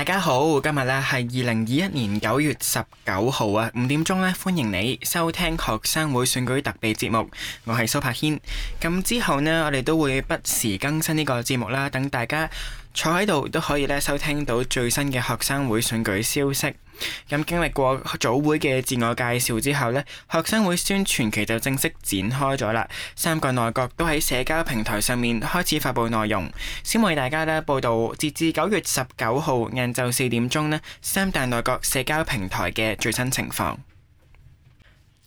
大家好，今日呢係二零二一年九月十九號，啊五點鐘呢，歡迎你收聽學生會選舉特備節目，我係蘇柏軒。咁之後呢，我哋都會不時更新呢個節目啦，等大家。坐喺度都可以咧收聽到最新嘅學生會選舉消息。咁經歷過早會嘅自我介紹之後咧，學生會宣傳期就正式展開咗啦。三個內閣都喺社交平台上面開始發布內容。先為大家咧報道，截至九月十九號晏晝四點鐘呢三大內閣社交平台嘅最新情況。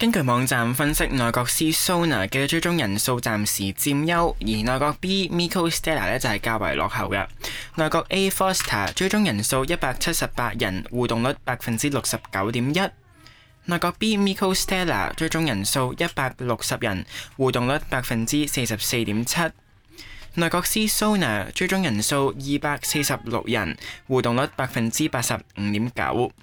根據網站分析，內閣 C，內閣 C Sonar 嘅追蹤人數暫時佔優，而內閣 B MicoStella 呢就係較為落後嘅。內閣 A Forsta 追蹤人數一百七十八人，互動率百分之六十九點一；內閣 B MicoStella 追蹤人數一百六十人，互動率百分之四十四點七；內閣 C Sonar 追蹤人數二百四十六人，互動率百分之八十五點九。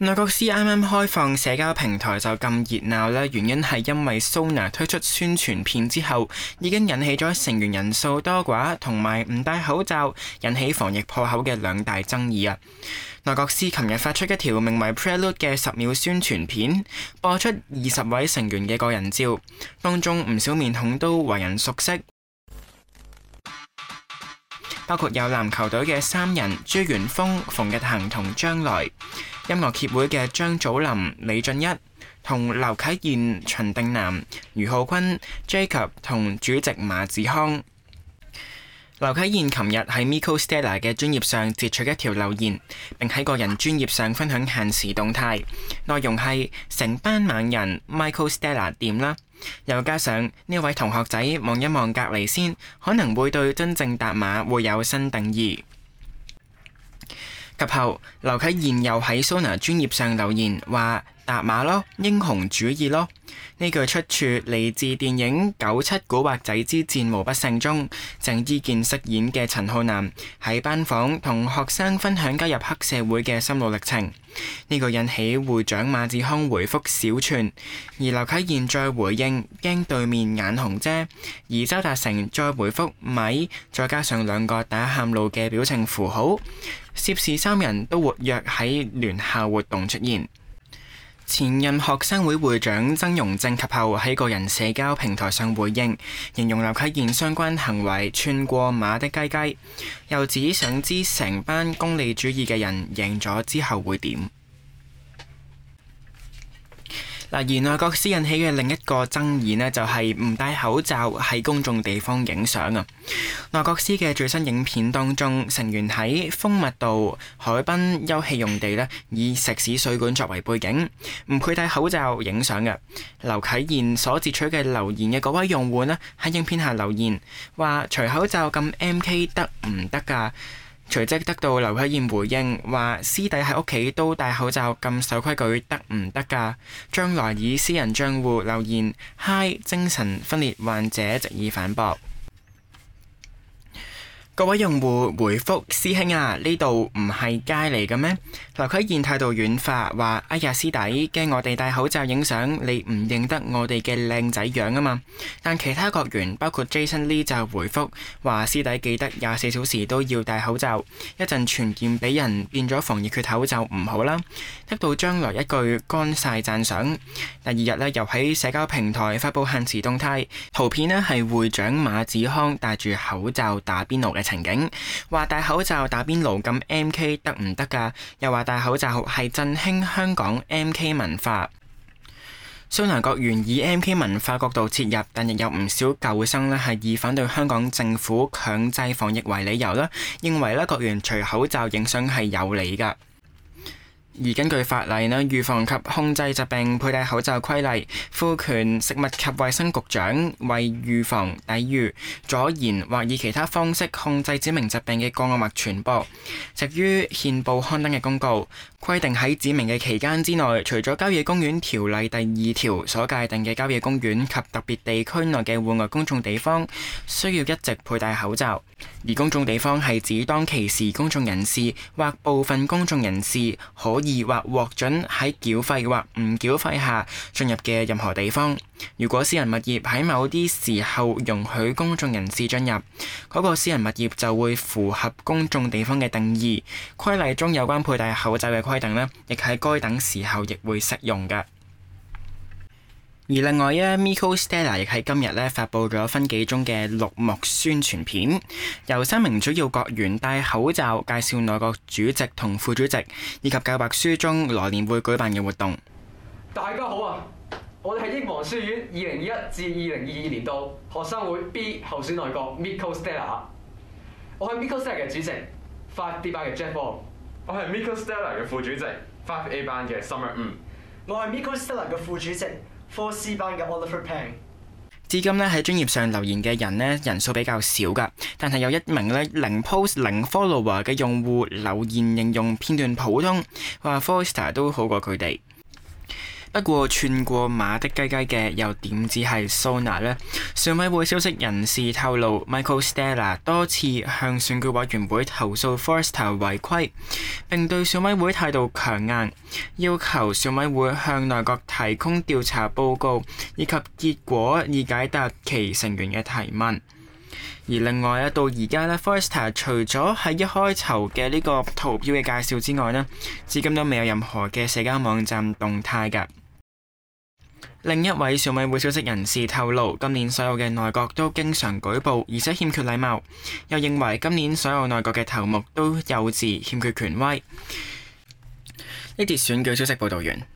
內閣 C 啱啱開放社交平台就咁熱鬧呢，原因係因為 Sonar 推出宣傳片之後，已經引起咗成員人數多寡同埋唔戴口罩引起防疫破口嘅兩大爭議啊！內閣 C 琴日發出一條名為 Prelude 嘅十秒宣傳片，播出二十位成員嘅個人照，當中唔少面孔都為人熟悉，包括有籃球隊嘅三人朱元烽、馮逸恒同張萊。音樂協會嘅張祖霖、李俊一、同劉啟彥、秦定楠、余浩昆、Jacob 同主席馬子康。劉啟彥琴日喺 MicoStella 嘅專頁上擷取一條留言，並喺個人專頁上分享限時動態，內容係成班猛人 MicoStella 掂啦，又加上呢位同學仔望一望隔離先，可能會對真正疊馬會有新定義。及後，劉啟彥又喺 Sonar 專頁上留言話。疊馬囉，英雄主義囉。呢句出處嚟自電影《九七古惑仔之戰無不勝》中鄭伊健飾演嘅陳浩南喺班房同學生分享加入黑社會嘅心路歷程。呢句引起會長馬子康回覆少串，而劉啟彥再回應驚對面眼紅啫，而周達城再回覆咪，再加上兩個打喊路嘅表情符號，涉事三人都活躍喺聯校活動出現。前任學生會會長曾容正及後喺個人社交平台上回應，形容劉啟彥相關行為串過馬的雞雞，又指想知成班功利主義嘅人贏咗之後會點。嗱，而內閣 C 引起嘅另一個爭議呢，就係唔戴口罩喺公眾地方影相啊。內閣 C 嘅最新影片當中，成員喺豐物道海濱休憩用地呢，以石屎水管作為背景，唔佩戴口罩影相嘅劉啟彥所截取嘅留言嘅嗰位用戶呢，喺影片下留言話：除口罩咁 MK 得唔得㗎？隨即得到劉啟彥回應，話師弟喺屋企都戴口罩咁守規矩得唔得㗎？張萊以私人帳戶留言嗨，Hi, 精神分裂患者，藉以反駁。嗰位用戶回覆師兄啊，呢度唔係街嚟嘅咩？劉啟彥態度軟化，話：哎呀師弟，驚我哋戴口罩影相，你唔認得我哋嘅靚仔樣啊嘛！但其他閣員包括 Jason Li 就回覆話：師弟記得廿四小時都要戴口罩，一陣傳染俾人變咗防疫缺口就唔好啦。得到張萊一句乾晒讚賞，第二日咧又喺社交平台發布限時動態，圖片呢係會長馬子康戴住口罩打邊爐嘅情景，話戴口罩打邊爐咁 MK 得唔得㗎？又話戴口罩係振興香港 MK 文化。Sonar 閣員以 MK 文化角度切入，但亦有唔少舊生咧係以反對香港政府強制防疫為理由啦，認為咧閣員除口罩影相係有理㗎。而根據法例咧，預防及控制疾病佩戴口罩規例，賦權食物及衛生局長為預防、抵禦、阻延或以其他方式控制指明疾病嘅個案或傳播，藉於憲報刊登嘅公告，規定喺指明嘅期間之內，除咗郊野公園條例第二條所界定嘅郊野公園及特別地區內嘅戶外公眾地方，需要一直佩戴口罩。而公眾地方係指當其時公眾人士或部分公眾人士可。而或獲准喺繳費或唔繳費下進入嘅任何地方。如果私人物業喺某啲時候容許公眾人士進入，嗰個私人物業就會符合公眾地方嘅定義。規例中有關佩戴口罩嘅規定呢，亦喺該等時候亦會適用嘅。而另外啊，MicoStella 亦喺今日咧發布咗分幾鐘嘅綠幕宣傳片，由三名主要閣員戴口罩介紹內閣主席同副主席，以及教白書中來年會舉辦嘅活動。大家好啊！我哋係英皇書院二零二一至二零二二年度學生會 B 候選內閣 MicoStella。我係 MicoStella 嘅主席，Five D 班嘅 Jack Wong。我係 MicoStella 嘅副主席，Five A 班嘅 Summer。嗯。我係 MicoStella 嘅副主席。f o《福 r 班嘅 o l i 奧利 p 佩 n 至今咧喺專頁上留言嘅人呢，人數比較少㗎，但係有一名咧零 post 零 follower 嘅用戶留言形容片段普通，話 Forsta 都好過佢哋。不過，串過馬的雞雞嘅又點止係 Sonar 呢？選委會消息人士透露，MicoStella 多次向選舉委員會投訴 Forsta 違規，並對選委會態度強硬，要求選委會向內閣提供調查報告以及結果，以解答其成員嘅提問。而另外咧，到而家呢 Forsta 除咗喺一開頭嘅呢個圖標嘅介紹之外呢，至今都未有任何嘅社交網站動態。噶另一位選委會消息人士透露，今年所有嘅內閣都經常舉報，而且欠缺禮貌。又認為今年所有內閣嘅頭目都幼稚，欠缺權威。呢啲選舉消息報道完。